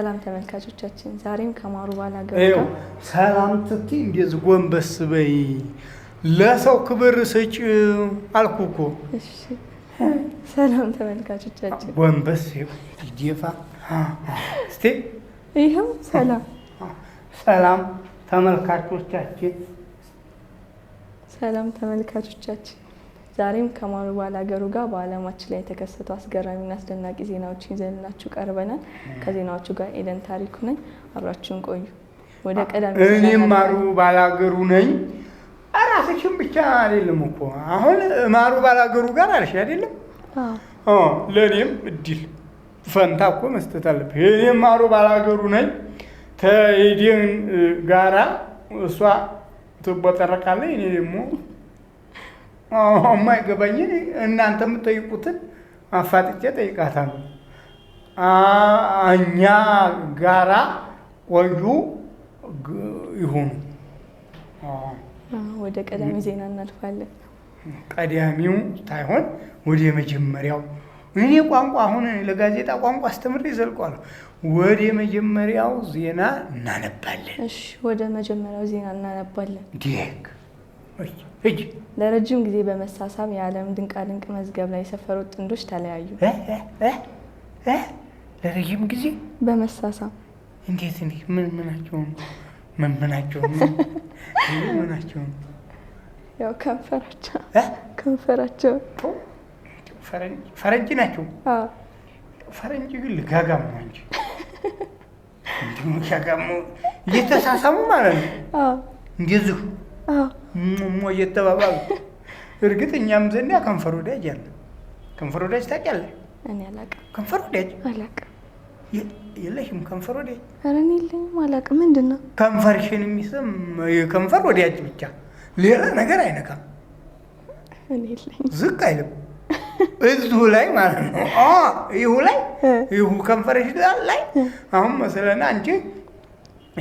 ሰላም ተመልካቾቻችን፣ ዛሬም ከማሩ ባላ ባላገሩ ሰላም ትቲ እንደዚህ ጎንበስ በይ፣ ለሰው ክብር ስጭ አልኩ እኮ። ሰላም ተመልካቾቻችን፣ ጎንበስ ይደፋ እስቲ ይኸው። ሰላም ሰላም ተመልካቾቻችን፣ ሰላም ተመልካቾቻችን ዛሬም ከማሩ ባላገሩ ጋር በዓለማችን ላይ የተከሰቱ አስገራሚና አስደናቂ ዜናዎችን ይዘንላችሁ ቀርበናል። ከዜናዎቹ ጋር ኤደን ታሪኩ ነኝ። አብራችሁን ቆዩ። ወደ ቀዳሚ እኔም ማሩ ባላገሩ ነኝ። ራስሽን ብቻ አይደለም እኮ አሁን ማሩ ባላገሩ ጋር አልሽ አይደለም? ለእኔም እድል ፈንታ እኮ መስጠት አለብህ። እኔም ማሩ ባላገሩ ነኝ። ተኤደን ጋራ እሷ ትቦጠረቃለች፣ እኔ ደግሞ የማይገባኝ እናንተ የምትጠይቁትን አፋጥጬ ጠይቃታለሁ። እኛ ጋራ ቆዩ ይሁኑ። ወደ ቀዳሚ ዜና እናልፋለን። ቀዳሚው ሳይሆን ወደ መጀመሪያው እኔ ቋንቋ አሁን ለጋዜጣ ቋንቋ አስተምሬ ይዘልቋል። ወደ መጀመሪያው ዜና እናነባለን። እሺ፣ ወደ መጀመሪያው ዜና እናነባለን። ዲክ ሂጅ ለረጅም ጊዜ በመሳሳም የዓለም ድንቃድንቅ መዝገብ ላይ የሰፈሩት ጥንዶች ተለያዩ። ለረጅም ጊዜ በመሳሳም እንዴት? እንዴት? ምን ምናቸው ነው? ምን ምናቸው ነው? ምን ምናቸው ነው? ያው ከንፈራቸው ከንፈራቸው። ፈረንጅ ናቸው። ፈረንጅ ግን ልጋጋም ነው እንጂ ልጋጋም ነው። እየተሳሳሙ ማለት ነው እንደዚሁ ሞ እየተባባሉ እርግጥ እኛም ዘንድ ከንፈር ወዳጅ አለ። ከንፈር ወዳጅ ታውቂያለሽ? እኔ አላውቅም። ከንፈር ወዳጅ አላውቅም። የለሽም ከንፈር ወዳጅ? ኧረ እኔ የለኝም፣ አላውቅም። ምንድን ነው ከንፈርሽን የሚስም ከንፈር ወዳጅ ብቻ፣ ሌላ ነገር አይነካም። እኔ የለኝም። ዝቅ አይልም። እዚሁ ላይ ማለት ነው። ይሁ ላይ ይሁ ከንፈርሽ ላይ አሁን መሰለና አንቺ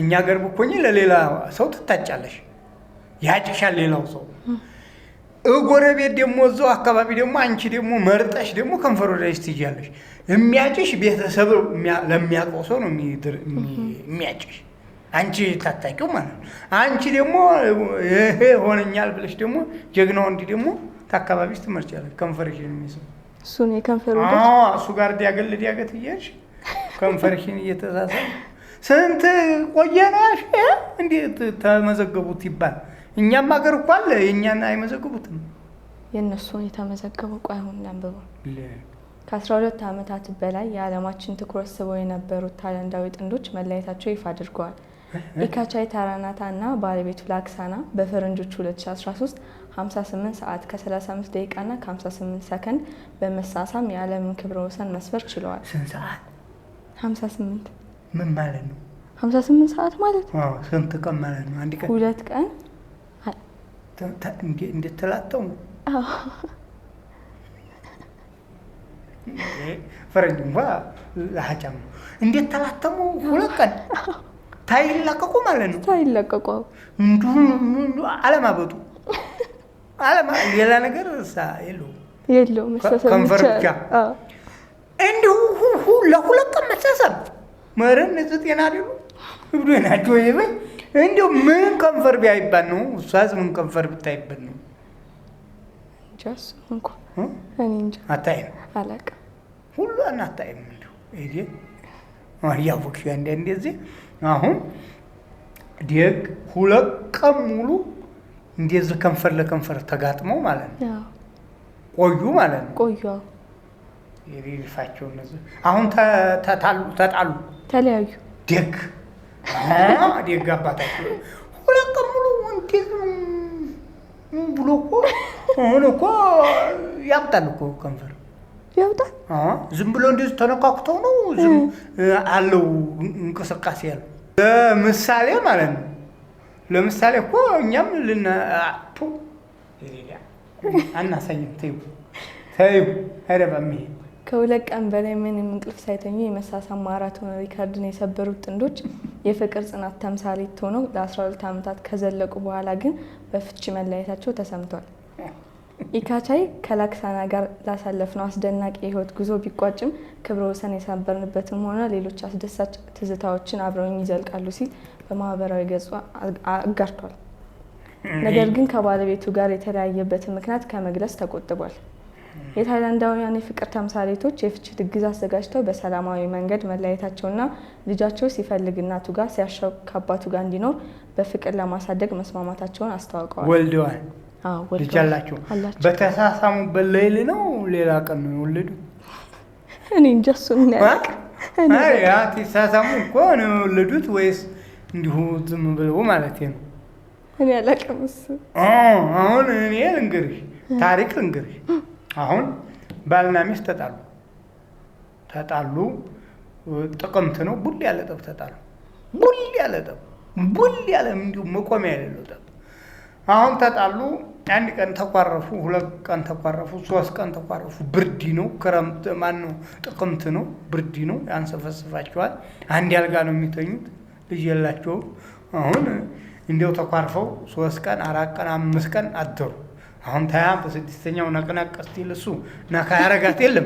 እኛ ገር ብኮኝ ለሌላ ሰው ትታጫለሽ ያጭሻል ሌላው ሰው እጎረቤት ደግሞ እዛው አካባቢ ደግሞ አንቺ ደግሞ መርጠሽ ደግሞ ከንፈሮ ወዳጅ ትይዣለሽ። የሚያጭሽ ቤተሰብ ለሚያውቀው ሰው ነው የሚያጭሽ፣ አንቺ ታታቂው ማለት ነው። አንቺ ደግሞ ይሄ ሆነኛል ብለሽ ደግሞ ጀግና ወንድ ደግሞ ከአካባቢሽ ትመርጫለሽ። ከንፈርሽን የሚስብ እሱን የከንፈር እሱ ጋር ዲያገል ዲያገት እያልሽ ከንፈርሽን እየተሳሰብ ስንት ቆየናሽ እንዴት ተመዘገቡት ይባል እኛም ሀገር እኮ አለ። የእኛን አይመዘግቡትም። የእነሱን የተመዘገበው ቆይ አይሆን ለንብበ ከአስራ ሁለት ዓመታት በላይ የዓለማችን ትኩረት ስበው የነበሩት ታይላንዳዊ ጥንዶች መለየታቸው ይፋ አድርገዋል። ኢካቻይ ታራናታ እና ባለቤቱ ላክሳና በፈረንጆቹ 2013 58 ሰዓት ከ35 ደቂቃ እና ከ58 ሰከንድ በመሳሳም የዓለምን ክብረ ወሰን መስፈር ችለዋል። 58 ምን ማለት ነው? 58 ሰዓት ማለት ነው። ስንት ቀን ማለት ነው? አንድ ቀን ሁለት ቀን እንድትላጠሙ ፈረንጅ እንኳ ለሀጫም ነው። እንዴት ተላተሙ? ሁለት ቀን ታይላቀቁ ማለት ነው። ታይላቀቁ እንዲሁም አለማበጡ ሌላ ነገር የለውም የለውም፣ ከንፈር ብቻ እንዲሁ ለሁለት ቀን መሳሰብ መረን ጤና አይደሉ እብዶ ናቸው ይበል እንዲሁ ምን ከንፈር ቢያይባት ነው? እሷስ ምን ከንፈር ብታይበት ነው? አታይም፣ ሁሏን አታይም። እንዲሁ እያወቅሽ እንደ እንደዚህ አሁን ደግ ሁለት ቀን ሙሉ እንደዚህ ከንፈር ለከንፈር ተጋጥመው ማለት ነው ቆዩ ማለት ነው ቆዩ። የሪልፋቸው እነዚህ አሁን ተጣሉ ተጣሉ ተለያዩ ደግ አደጋ አባታችሁ ሁለት ቀን ሙሉ እንዴት ብሎ እኮ አሁን እኮ ያብጣል እኮ ከንፈር ያውጣል። ዝም ብሎ እንደዚህ ተነካክተው ነው ዝም አለው እንቅስቃሴ ያለው ለምሳሌ ማለት ነው። ለምሳሌ እኮ እኛም ልና አናሳይም። ተይው ተይው፣ አይረባም ይሄ ከሁለት ቀን በላይ ምንም እንቅልፍ ሳይተኙ የመሳሳ ማራቶን ሪካርድን የሰበሩት ጥንዶች የፍቅር ጽናት ተምሳሌት ሆነው ለ12 ዓመታት ከዘለቁ በኋላ ግን በፍች መለያየታቸው ተሰምቷል። ኢካቻይ ከላክሳና ጋር ላሳለፍነው አስደናቂ የህይወት ጉዞ ቢቋጭም ክብረ ወሰን የሰበርንበትም ሆነ ሌሎች አስደሳች ትዝታዎችን አብረውኝ ይዘልቃሉ ሲል በማህበራዊ ገጹ አጋርቷል። ነገር ግን ከባለቤቱ ጋር የተለያየበትን ምክንያት ከመግለጽ ተቆጥቧል። የታይላንዳውያን የፍቅር ተምሳሌቶች የፍችት ድግስ አዘጋጅተው በሰላማዊ መንገድ መለያየታቸውና ልጃቸው ሲፈልግ እናቱ ጋር ሲያሻው ከአባቱ ጋር እንዲኖር በፍቅር ለማሳደግ መስማማታቸውን አስታውቀዋል። ወልደዋል። ልጅ አላቸው። በተሳሳሙበት ሌል ነው ሌላ ቀን ነው የወለዱ። እኔ እንጃ እሱን ያቅ ሳሳሙ እኮ ነው የወለዱት ወይስ እንዲሁ ዝም ብለው ማለት ነው? እኔ አላውቅም። እሱ አሁን እኔ ልንገርሽ ታሪክ ልንገርሽ አሁን ባልና ሚስት ተጣሉ ተጣሉ። ጥቅምት ነው። ቡል ያለ ጠብ ተጣሉ። ቡል ያለ ጠብ፣ ቡል ያለ እንዲሁ መቆሚያ የሌለው ጠብ። አሁን ተጣሉ። አንድ ቀን ተኳረፉ፣ ሁለት ቀን ተኳረፉ፣ ሶስት ቀን ተኳረፉ። ብርድ ነው፣ ክረምት ማን ነው? ጥቅምት ነው። ብርድ ነው፣ ያንሰፈስፋቸዋል። አንድ ያልጋ ነው የሚተኙት፣ ልጅ የላቸውም። አሁን እንዲያው ተኳርፈው ሶስት ቀን አራት ቀን አምስት ቀን አደሩ። አሁን ታያ በስድስተኛው ነቅነቅ እስቲል እሱ ነካ ያረጋት የለም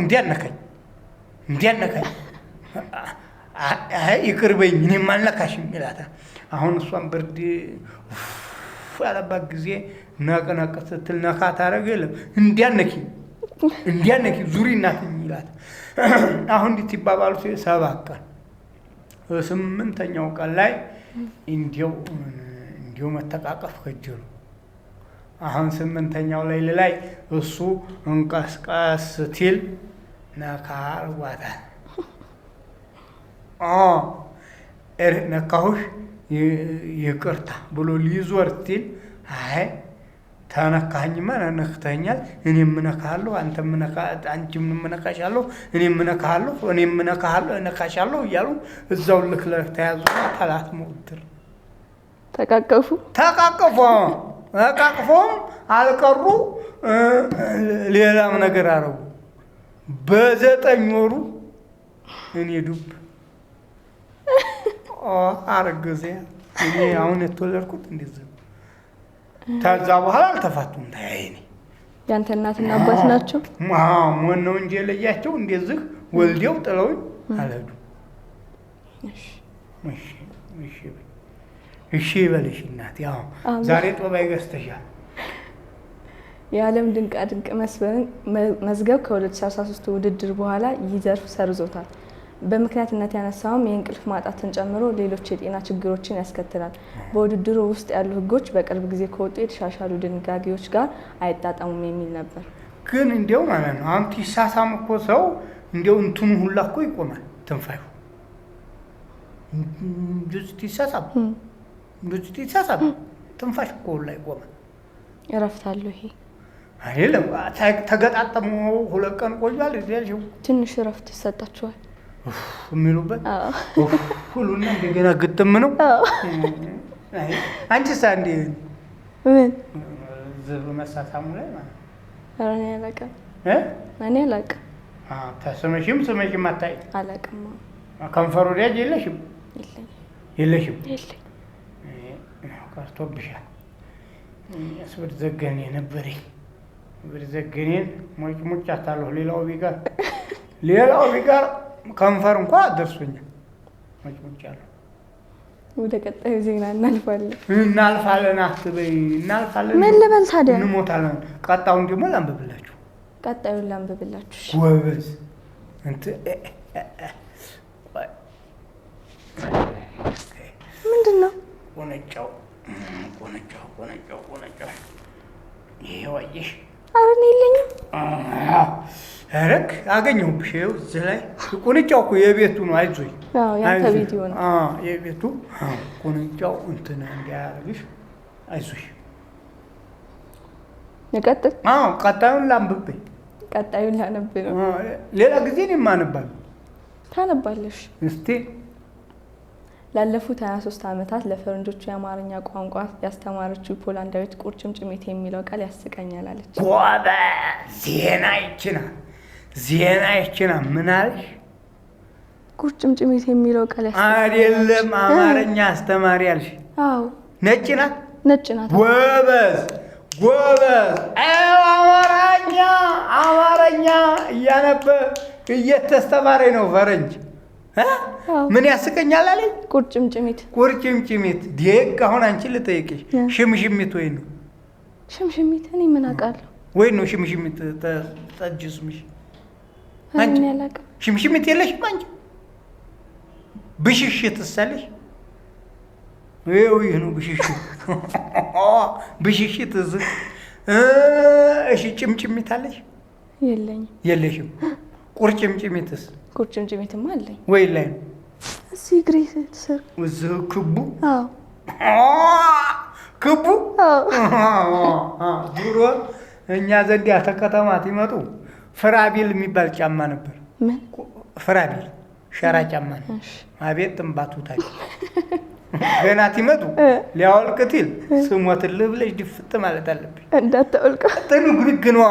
እንዲያነካኝ እንዲያነካኝ ይቅርበኝ እኔም አልነካሽም ይላታል። አሁን እሷን ብርድ ያለባት ጊዜ ነቅነቅ ስትል ነካ ታደረገ የለም እንዲያነኪ እንዲያነኪ ዙሪ እናትኝ ይላት። አሁን እንዲት ይባባሉ ሰባት ቀን ስምንተኛው ቀን ላይ እንዲው እንዲው መተቃቀፍ ከጀሉ አሁን ስምንተኛው ሌሊ ላይ እሱ እንቀስቀስ ስትል ነካ አርጓታል። ነካሁሽ ይቅርታ ብሎ ሊዞር ስትል አይ ተነካኝማ ነክተኛል፣ እኔ ምነካለሁ፣ አንተ አንቺ ምነካሻለሁ፣ እኔ ምነካለሁ፣ እኔ ምነካለሁ፣ እነካሻለሁ እያሉ እዛው ልክ ለተያዙ ተላት መውትር ተቃቀፉ ተቃቀፉ አቃቅፎም አልቀሩ ሌላም ነገር አረቡ። በዘጠኝ ወሩ እኔ ዱብ አረገዜ እኔ አሁን የተወለድኩት እንደዚህ ነው። ከዛ በኋላ አልተፋቱም። ታያይኔ ያንተ እናትና አባት ናቸው። ሞን ነው እንጂ የለያቸው እንደዚህ ወልዴው ጥለውኝ አልሄዱም። እሺ እሺ እሺ እሺ ይበልሽ እናት። ያው ዛሬ ጦቢያ ገዝተሻል። የዓለም ድንቃ ድንቅ መስበርን መዝገብ ከ2013 ውድድር በኋላ ይህ ዘርፍ ሰርዞታል። በምክንያትነት ያነሳውም የእንቅልፍ ማጣትን ጨምሮ ሌሎች የጤና ችግሮችን ያስከትላል። በውድድሩ ውስጥ ያሉ ሕጎች በቅርብ ጊዜ ከወጡ የተሻሻሉ ድንጋጌዎች ጋር አይጣጣሙም የሚል ነበር። ግን እንዲያው ማለት ነው አንቲ ሳሳም እኮ ሰው እንዲያው እንትኑ ሁላ እኮ ይቆማል ትንፋይ ቲሳሳም እንደዚህ ይሳሳብ ትንፋሽ እኮ ላይ ቆመ። እረፍታለሁ ይሄ አይደለም ተገጣጠሙ። ሁለት ቀን ቆያል። ትንሽ እረፍት ይሰጣችኋል የሚሉበት ሁሉና እንደገና ግጥም ነው። አንቺሳ እንዴ ምን ዝብ መሳሳሙ ላይ ማለት ኧረ እኔ አላውቅም እኔ አላውቅም ተስመሽም ስመሽም አታይ አላውቅም ከንፈር ወዲያጅ የለሽም የለሽም የለሽም ቀርቶብሻል። ስብር ዘገኔ ነበረኝ ብር ዘገኔን ሞጭ ሙጭ አታለሁ። ሌላው ቢቀር ሌላው ቢቀር ከንፈር እንኳ ደርሶኛል። ሞጭ ሙጭ አለሁ። ወደ ቀጣዩ ዜና እናልፋለን። እናልፋለን አትበይ፣ እናልፋለን። ምን ልበል ታዲያ? እንሞታለን። ቀጣዩን ደግሞ ላንብብላችሁ፣ ቀጣዩን ላንብብላችሁ። ጎበዝ ምንድን ነው ወነጫው ቆነጃሁ ቆነጃሁ ቆነጃሁ። ይሄው አየሽ፣ ኧረ እኔ የለኝም። እረክ አገኘሁብሽ። ይኸው እዚህ ላይ ቆነጃው እኮ የቤቱ ነው። አይዞኝ፣ የቤቱ ቆነጃው እንትን እንዳያደርግሽ። አይዞሽ። ንቀጥል። ቀጣዩን ላንብብኝ። ቀጣዩን ላነብ ሌላ ጊዜ እኔም አነባለሁ። ታነባለሽ እስቲ ላለፉት 23 ዓመታት ለፈረንጆቹ የአማርኛ ቋንቋ ያስተማረችው ፖላንዳዊት ቁርጭምጭሚት የሚለው ቃል ያስቀኛል አለች። ጎበ ዜና ይችና ዜና ይችና ምን አለሽ? ቁርጭምጭሚት የሚለው ቃል አይደለም አማርኛ አስተማሪ አልሽ? አዎ። ነጭ ናት፣ ነጭ ናት። ጎበዝ ጎበዝ። አማርኛ አማርኛ እያነበ እየተስተማረ ነው ፈረንጅ ምን ያስቀኛል አለኝ። ቁርጭምጭሚት ቁርጭምጭሚት ዴግ። አሁን አንቺ ልጠይቅሽ፣ ሽምሽሚት ወይ ነው ሽምሽሚት? እኔ ምን አውቃለሁ? ወይ ነው ሽምሽሚት? ጠጅ ስምሽ ሽምሽሚት የለሽም አንቺ። ብሽሽት እሳለሽ ይኸው ይህ ነው ብሽሽት። ብሽሽት እዝ እሺ። ጭምጭሚት አለሽ? የለኝም። የለሽም። ቁርጭምጭሚትስ ቁርጭምጭሚትማ አለኝ ወይ ላይ እዚህ እግሬ ስር እዚህ ክቡ ክቡ ድሮ እኛ ዘንድ ከተማ ሲመጡ ፍራቢል የሚባል ጫማ ነበር። ፍራቢል ሸራ ጫማ ነው። አቤት ጥንባቱ ታዲያ ገና ሲመጡ ሊያወልቅትል ስሞትልህ ብለሽ ድፍጥ ማለት አለብኝ። እንዳታወልቀው ጥኑ ግሪግ ነው።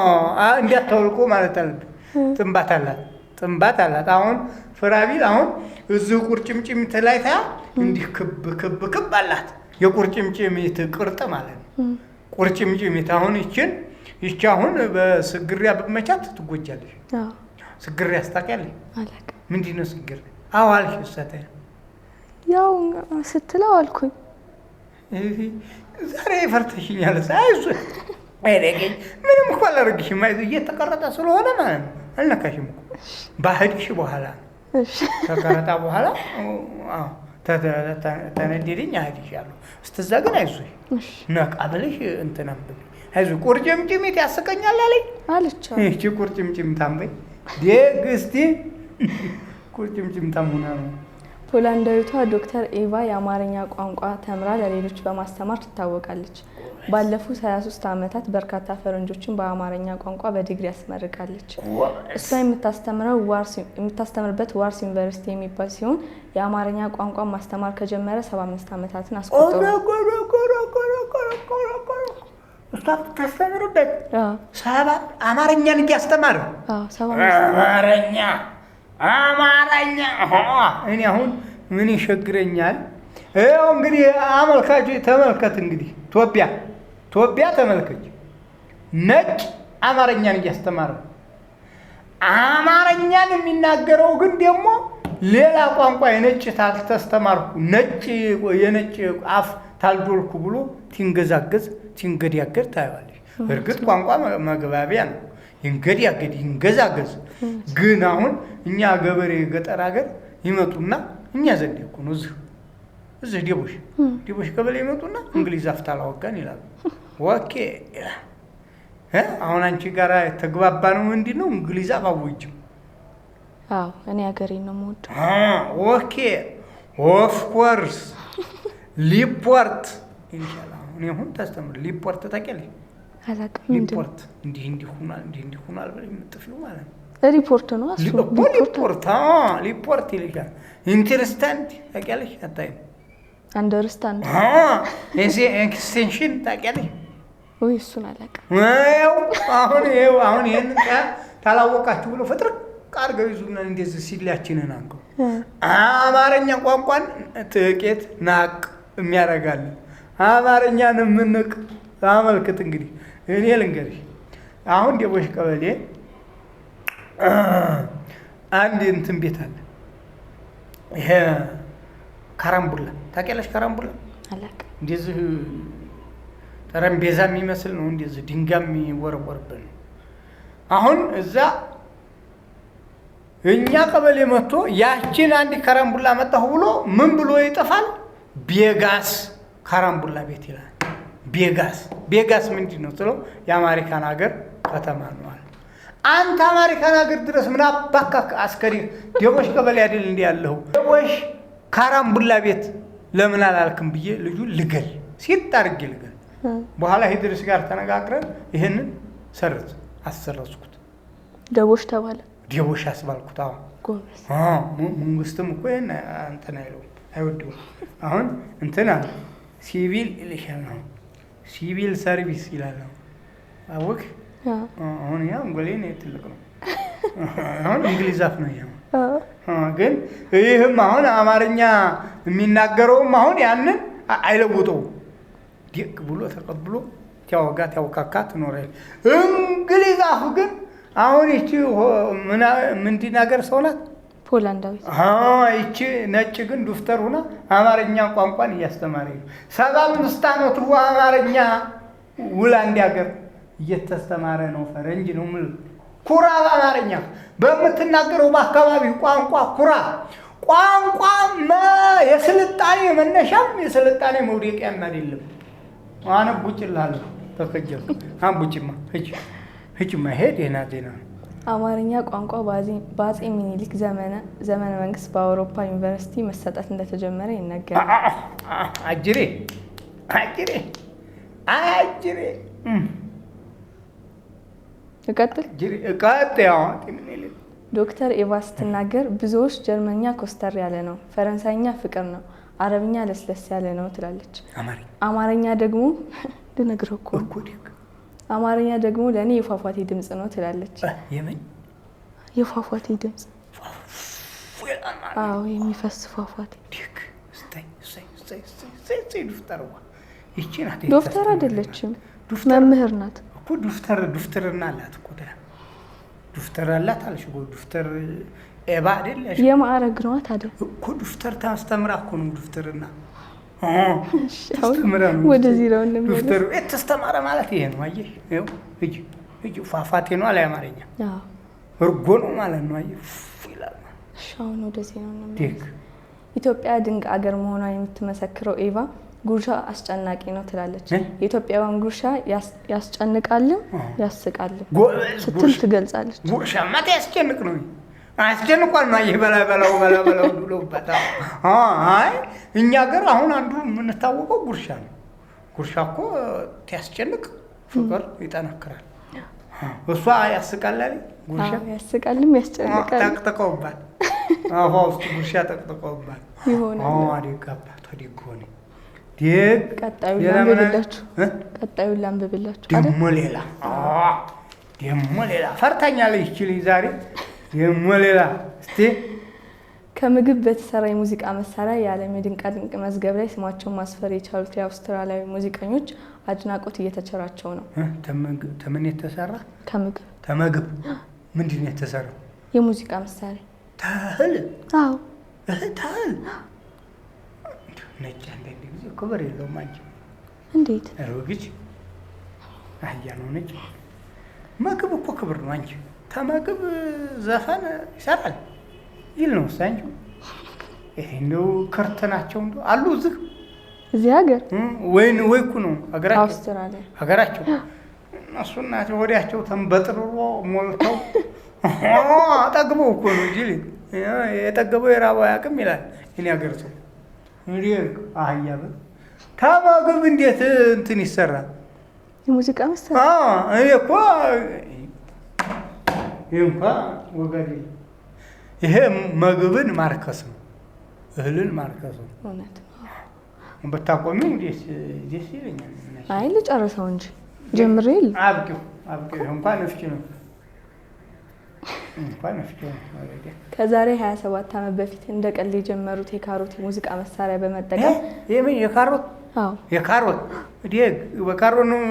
እንዳታወልቆ ማለት አለብኝ። ጥንባት አላት ጥንባት አላት። አሁን ፍራቢል አሁን እዚሁ ቁርጭምጭም ላይ እንዲህ ክብ ክብ ክብ አላት። የቁርጭምጭሚት ቅርጥ ማለት ነው። ቁርጭምጭሚት አሁን ይችን ይቺ አሁን በስግሪያ ብመቻት ትጎጃለሽ። ስግሪያ አስታውቂያለሽ? ምንድን ነው ስግሪያ? አዎ አልሽ። እሳተ ያው ስትለው አልኩኝ። ዛሬ ፈርተሽኛል። አይዞ ምንም እኮ አላደርግሽም። አይዞ እየተቀረጠ ስለሆነ ማለት ነው። አልነካሽም እኮ ባህድሽ በኋላ ከቀረጣ በኋላ ተነደደኝ አህድሽ ያሉ እስትዛ ግን አይዞሽ ነቃብልሽ ብለሽ እንትናም ብል አይዞሽ ቁርጭምጭሚት ያስቀኛል አለኝ አለች። ይቺ ቁርጭምጭምታም በይ ደግ እስቲ ቁርጭምጭምታም ሆና ነው። ፖላንዳዊቷ ዶክተር ኤቫ የአማርኛ ቋንቋ ተምራ ለሌሎች በማስተማር ትታወቃለች። ባለፉት 23 ዓመታት በርካታ ፈረንጆችን በአማርኛ ቋንቋ በዲግሪ ያስመርቃለች። እሷ የምታስተምርበት ዋርስ ዩኒቨርሲቲ የሚባል ሲሆን የአማርኛ ቋንቋ ማስተማር ከጀመረ 75 ዓመታትን አስቆጥሯል። ምን ይሸግረኛል? ይኸው እንግዲህ አመልካቾች ተመልከት እንግዲህ ኢትዮጵያ ቶቢያ ተመልከች፣ ነጭ አማርኛን እያስተማረ ነው። አማርኛን የሚናገረው ግን ደግሞ ሌላ ቋንቋ የነጭ ታልተስተማርኩ ነጭ የነጭ አፍ ታልዶልኩ ብሎ ቲንገዛገዝ ቲንገዳገድ ታየዋለች። እርግጥ ቋንቋ መግባቢያ ነው። ይንገዳገድ ይንገዛገዝ። ግን አሁን እኛ ገበሬ ገጠር ሀገር ይመጡና እኛ ዘንድ እኮ ነው እዚህ እዚህ ዲቦሽ ዲቦሽ ቀበሌ ይመጡና እንግሊዝ አፍታላ ወጋን ይላሉ። ወኬ አሁን አንቺ ጋር ተግባባ ነው እንዲ ነው እንግሊዝ አባውጅም አዎ እኔ ሀገሬ ነው የምወደው። ኦኬ ኦፍኮርስ ሊፖርት ይሻላ። እኔ አሁን ተስተምር ሊፖርት ታውቂያለሽ? አላውቅም። ሊፖርት እንዲህ እንዲህ ሆኗል፣ እንዲህ እንዲህ ሆኗል ብለሽ የምጥፊው ማለት ነው። ሪፖርት ነው እሱ ሪፖርት ሊፖርት ይልሻል። ኢንተርስታንድ ታውቂያለሽ? አታይም አንደርስታንድ የዚህ ኤክስቴንሽን ታውቂያለሽ? ወይ እሱን አላውቅም። ያው አሁን ይኸው አሁን ይሄን ታላወቃችሁ ብሎ ፈጥር አድርገው ይዙና እንደዚህ ሲላችንን አንከው አማርኛ ቋንቋን ትቄት ናቅ የሚያደርጋለን አማርኛን የምንቅ አመልክት። እንግዲህ እኔ ልንገርሽ አሁን ደቦሽ ቀበሌ አንድ እንትን ቤት አለ። ይሄ ካራምቡላ ታውቂያለሽ? ከረምቡላ እንደዚህ ጠረጴዛ የሚመስል ነው፣ እንደዚህ ድንጋይ የሚወረወርብን አሁን እዛ እኛ ቀበሌ መጥቶ ያችን አንድ ከረምቡላ መጣሁ ብሎ ምን ብሎ ይጠፋል? ቤጋስ ከረምቡላ ቤት ይላል። ቤጋስ ቤጋስ ምንድን ነው ስለው የአማሪካን ሀገር ከተማ ነዋል። አንተ አማሪካን ሀገር ድረስ ምን አባካ አስከሪ ደቦሽ ቀበሌ አይደል እንዲ ያለሁ ደቦሽ ካራምቡላ ቤት ለምን አላልክም ብዬ ልጁ ልገል ሲጥ አድርጌ ልገል። በኋላ ሂድርስ ጋር ተነጋግረን ይህንን ሰርዝ አሰረዝኩት። ደቦሽ ተባለ። ደቦሽ አስባልኩት። አሁን መንግስትም እኮ ይህን እንትን አይለውም አይወድም። አሁን እንትን ሲቪል ኢሌክሽን ነው ሲቪል ሰርቪስ ይላል ነው አወቅ። አሁን ያ እንጎሌን ትልቅ ነው። አሁን እንግሊዝ አፍ ነው ያ ግን ይህም አሁን አማርኛ የሚናገረውም አሁን ያንን አይለውጠው ዲቅ ብሎ ተቀብሎ ቲያወጋ ቲያወካካ ትኖራል። እንግሊዝ አፉ ግን አሁን ይቺ ምንዲን ሀገር ሰው ናት፣ ፖላንዳዊት። ይቺ ነጭ ግን ዱፍተር ሁና አማርኛ ቋንቋን እያስተማረ ነው። ሰባ አምስት ዓመት አማርኛ ውላ እንዲያገር እየተስተማረ ነው። ፈረንጅ ነው ምል ኩራ በአማርኛ በምትናገረው በአካባቢው ቋንቋ ኩራ። ቋንቋ የስልጣኔ መነሻም የስልጣኔ መውደቂያም አይደለም። አነቡጭልሃለሁ ተከጀል አንቡጭማ ህጅማ ሄድ ና ዜና አማርኛ ቋንቋ በአፄ ሚኒሊክ ዘመነ መንግስት በአውሮፓ ዩኒቨርሲቲ መሰጠት እንደተጀመረ ይነገራል። አጅሬ አጅሬ አጅሬ እቀጥል ዶክተር ኤቫ ስትናገር ብዙዎች ጀርመኛ ኮስተር ያለ ነው፣ ፈረንሳይኛ ፍቅር ነው፣ አረብኛ ለስለስ ያለ ነው ትላለች። አማርኛ ደግሞ ልነግረው አማርኛ ደግሞ ለእኔ የፏፏቴ ድምፅ ነው ትላለች። የፏፏቴ ድምፅ፣ አዎ የሚፈስ ፏፏቴ። ዶክተር አይደለችም፣ መምህር ናት። እኮ ዱፍተር ዱፍትርና አላት እኮ ዱፍተር አላት አለሽ እኮ ዱፍተር ኤባ አይደለሽ? የማዕረግ ነው አይደል እኮ ዱፍተር ታስተምራ እኮ ነው ዱፍተርና ወደዚህ ነው ዱፍተር ተስተማረ ማለት ይሄ ነው። አየሽ እጅ እጅ ፏፏቴ ነው አለ አማርኛ እርጎ ነው ማለት ነው። አየሽ ይላል። እሺ አሁን ወደዚህ ነው ኢትዮጵያ ድንቅ አገር መሆኗ የምትመሰክረው ኤቫ ጉርሻ አስጨናቂ ነው ትላለች። የኢትዮጵያውያን ጉርሻ ያስጨንቃልም ያስቃልም ስትል ትገልጻለች። ጉርሻማ ያስጨንቅ ነው አያስጨንቋል ማ ይህ በላይ በላው በላይ በላው ብለውበታል። አይ እኛ ገር አሁን አንዱ የምንታወቀው ጉርሻ ነው። ጉርሻ እኮ ያስጨንቅ፣ ፍቅር ይጠናክራል። እሷ ያስቃላል ጉርሻ ያስቃልም ያስጨንቃል። ጠቅጥቀውባል ውስጥ ጉርሻ ጠቅጥቀውባል ይሆናል አዴጋባት አዴጎ ቀጣዩን ላንብብላችሁ። ደግሞ ሌላ ሌላ ፈርታኛለች ዛሬ። ሌላ እስቲ ከምግብ በተሰራ የሙዚቃ መሳሪያ የዓለም የድንቃድንቅ መዝገብ ላይ ስማቸውን ማስፈር የቻሉት የአውስትራሊያዊ ሙዚቀኞች አድናቆት እየተቸራቸው ነው። ተምን የተሰራ ከምግብ ተመግብ ምንድን ነው የተሰራው? የሙዚቃ መሳሪያ ታህል ታህል ነጭ አንዳንድ ጊዜ ክብር የለውም። አንቺ እንዴት ሮግች አህያ ነው ነጭ። ምግብ እኮ ክብር ነው። አንቺ ተመግብ ዘፈን ይሰራል ይል ነው እሱ አንቺ። ይሄ እንደው ክርት ናቸው እንደው አሉ እዚህ እዚህ ሀገር ወይ ወይ እኮ ነው ሀገራቸው ሀገራቸው እሱ እናቴ ወዲያቸው ተንበጥሮ ሞልተው አጠግበው እኮ ነው እንጂ የጠገበው የራበው አያውቅም ይላል እኔ ሀገር ሰው አህያ በል ታማግብ እንዴት እንትን ይሰራል? የሙዚቃ መሳሪያ እኔ እኮ እንኳ ወገድ ይሄ መግብን ማርከስ ነው፣ እህልን ማርከስ ነው። በታቆሚው ደስ ይለኛል። አይ ልጨርሰው እንጂ ጀምሬ አብቂው አብቂው እንኳን እፍቺ ነው ከዛሬ 27 ዓመት በፊት እንደ ቀል የጀመሩት የካሮት የሙዚቃ መሳሪያ በመጠቀም ይህ የካሮት የካሮት በካሮት ነው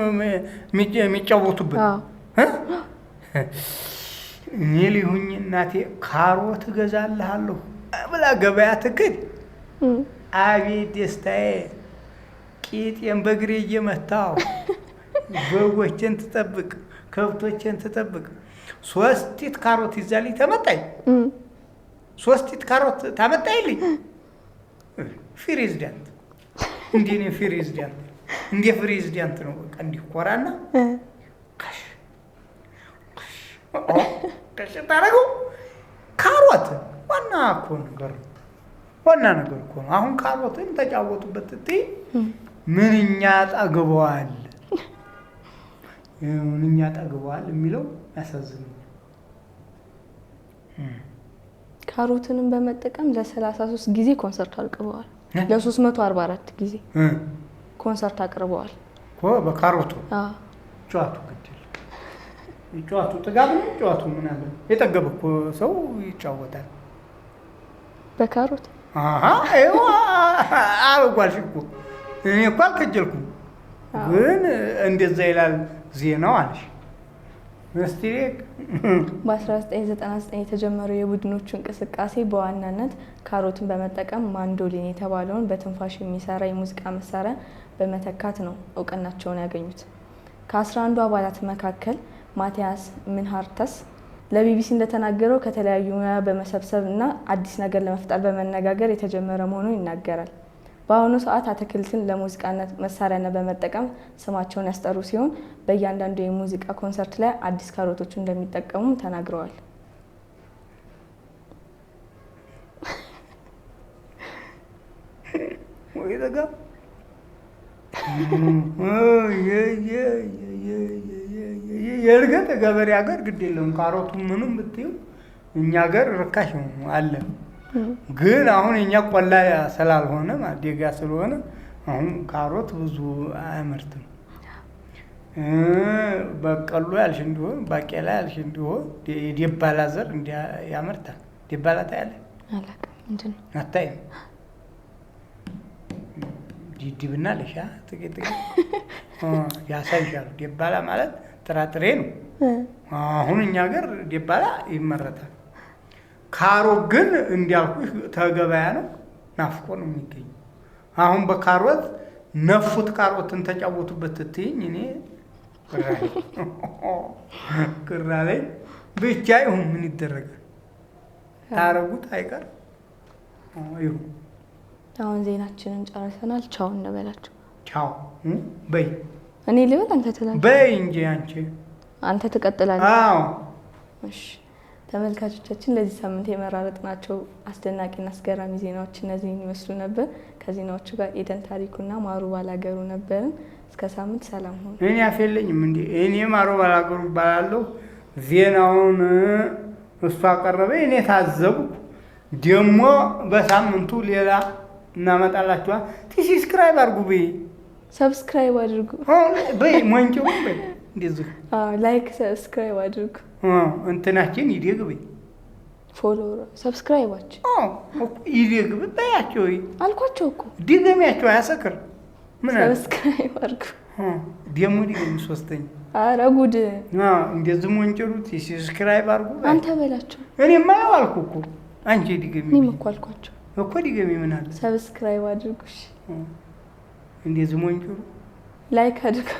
እኔ ሊሁኝ እናቴ ካሮት እገዛልሃለሁ ብላ ገበያ ትክድ። አቤት ደስታዬ! ቂጤን በግሬ እየመታው በጎችን ትጠብቅ፣ ከብቶችን ትጠብቅ ሶስቲት ካሮት ይዛልኝ ተመጣኝ ሶስቲት ካሮት ታመጣይልኝ። ፕሬዝዳንት እንዴ ነው ፕሬዝዳንት እንዴ ፕሬዝዳንት ነው። በቃ ኮራና ከሽ ታረገው ካሮት ዋና እኮ ነገር ዋና ነገር እኮ ነው። አሁን ካሮትን ተጫወቱበት እትይ ምንኛ ጠግበዋል፣ ምንኛ ጠግበዋል የሚለው ያሳዝኑኛል። ካሮትንም በመጠቀም ለ33 ጊዜ ኮንሰርት አቅርበዋል። ለ344 ጊዜ ኮንሰርት አቅርበዋል። በካሮቱ ጨዋቱ ግድል ጨዋቱ ጥጋብ ነው። ጨዋቱ ምን አለ የጠገበ እኮ ሰው ይጫወታል በካሮት አልጓልሽ እኮ እኔ እኮ አልከጀልኩም፣ ግን እንደዛ ይላል ዜናው አለሽ በ1999 የተጀመረው የቡድኖቹ እንቅስቃሴ በዋናነት ካሮትን በመጠቀም ማንዶሊን የተባለውን በትንፋሽ የሚሰራ የሙዚቃ መሳሪያ በመተካት ነው እውቅናቸውን ያገኙት። ከ11ዱ አባላት መካከል ማቲያስ ምንሃርተስ ለቢቢሲ እንደተናገረው ከተለያዩ ሙያ በመሰብሰብ እና አዲስ ነገር ለመፍጠር በመነጋገር የተጀመረ መሆኑን ይናገራል። በአሁኑ ሰዓት አትክልትን ለሙዚቃነት መሳሪያነት በመጠቀም ስማቸውን ያስጠሩ ሲሆን በእያንዳንዱ የሙዚቃ ኮንሰርት ላይ አዲስ ካሮቶች እንደሚጠቀሙ ተናግረዋል። የእርገጠ ገበሬ ሀገር ግድ የለም ካሮቱ ምንም ብትይው እኛ ሀገር ርካሽ አለ። ግን አሁን እኛ ቆላ ስላልሆነ ማደጋ ስለሆነ አሁን ካሮት ብዙ አያመርትም። በቀሎ ያልሽ እንዲሆን ባቄላ ያልሽ እንዲሆን የደባላ ዘር ያመርታል። ደባላ ታያለ አታይም? ዲድብና ልሻ ጥቂት ያሳይሻሉ። ደባላ ማለት ጥራጥሬ ነው። አሁን እኛ ሀገር ደባላ ይመረታል። ካሮት ግን እንዲያልኩ ተገበያ ነው ናፍቆ ነው የሚገኘው። አሁን በካሮት ነፉት ካሮትን ተጫወቱበት ትትኝ እኔ ቅራ ብቻ ይሁን ምን ይደረጋል፣ ታረጉት አይቀር ይሁን። አሁን ዜናችንን ጨርሰናል። ቻው እንበላቸው። ቻው በይ። እኔ ልበል አንተ ትላለህ። በይ እንጂ አንቺ አንተ ትቀጥላለህ። አዎ እሺ ተመልካቾቻችን ለዚህ ሳምንት የመራረጥ ናቸው አስደናቂና አስገራሚ ዜናዎች እነዚህን ይመስሉ ነበር። ከዜናዎቹ ጋር ኤደን ታሪኩና ማሩ ባላገሩ ነበርን። እስከ ሳምንት ሰላም ሆኑ። እኔ ያፌለኝም እንዲ እኔ ማሩ ባላገሩ እባላለሁ። ዜናውን እሱ አቀረበ፣ እኔ ታዘቡ። ደግሞ በሳምንቱ ሌላ እናመጣላችኋል። ሰብስክራይብ አድርጉ ብ ሰብስክራይብ አድርጉ በይ ሞንጭ በይ እንደዚሁ ላይክ ሰብስክራይብ አድርጉ። እንትናችን ይደግብኝ ፎሎ ሰብስክራይባችን ይደግብ በያቸው አልኳቸው እኮ ድገሚያቸው፣ አያሰክር ምን ሰብስክራይብ አድርጉ። ደግሞ ድገሚ ሶስተኛ ኧረ ጉድ እንደዚህ ሞንጭሩት ሰብስክራይብ አድርጉ። አንተ በላቸው እኔ ያው አልኩ እኮ አንቺ ድገሚ። እኔም እኮ አልኳቸው እኮ ድገሚ። ምን አለ ሰብስክራይብ አድርጉ እንደዚህ ሞንጭሩ ላይክ አድርጉ